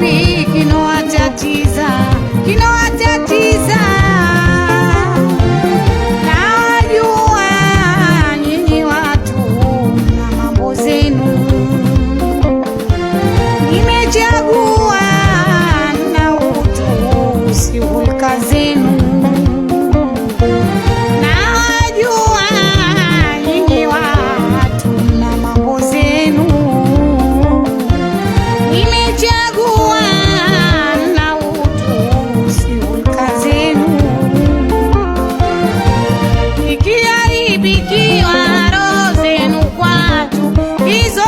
be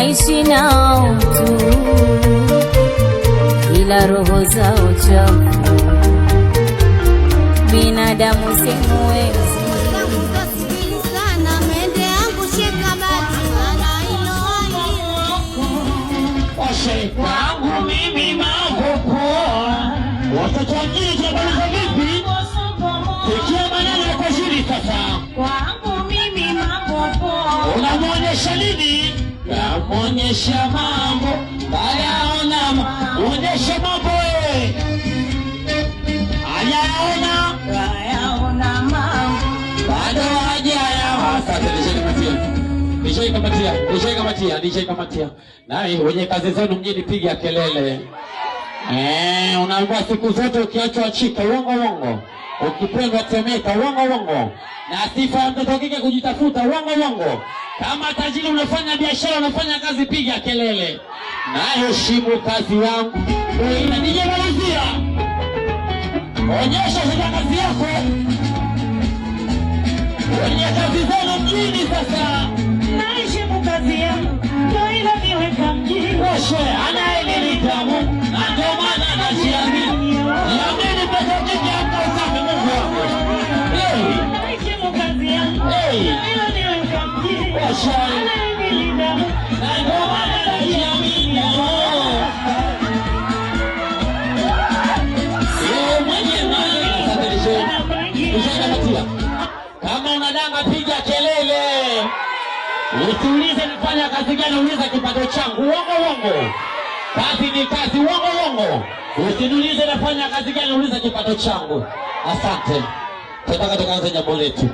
naishi na utu, ila roho zao chafu, binadamu simuwezi Watoto wa kike unamwonyesha nini? Namwonyesha mambo ayaona, onyesha mambo wewe ayaona, ayaona mambo bado hajayaona. Asante, nishaikamatia, nishaikamatia, nishaikamatia, nishaikamatia. Nani wenye kazi zenu mjini, piga kelele. Eh, unaambia siku zote ukiachwa chika, uongo uongo ukipendwa temeka, uongo uongo, na sifa ya mtoto kike kujitafuta, uongo uongo. Kama tajiri unafanya biashara, unafanya kazi, piga kelele, naheshimu kazi yangu. Inanijemalizia, onyesha sasa kazi yako. Wenye kazi zenu mjini sasa, naheshimu kazi yangu, ndio ile niweka mjini. Kama unadanga piga kelele, usiulize nifanya kazi gani, uliza kipato changu. Uongo uongo, kazi ni kazi. Uongo uongo, usiniulize nafanya kazi gani, uliza kipato changu. Asante, tunataka tukaanze jambo letu.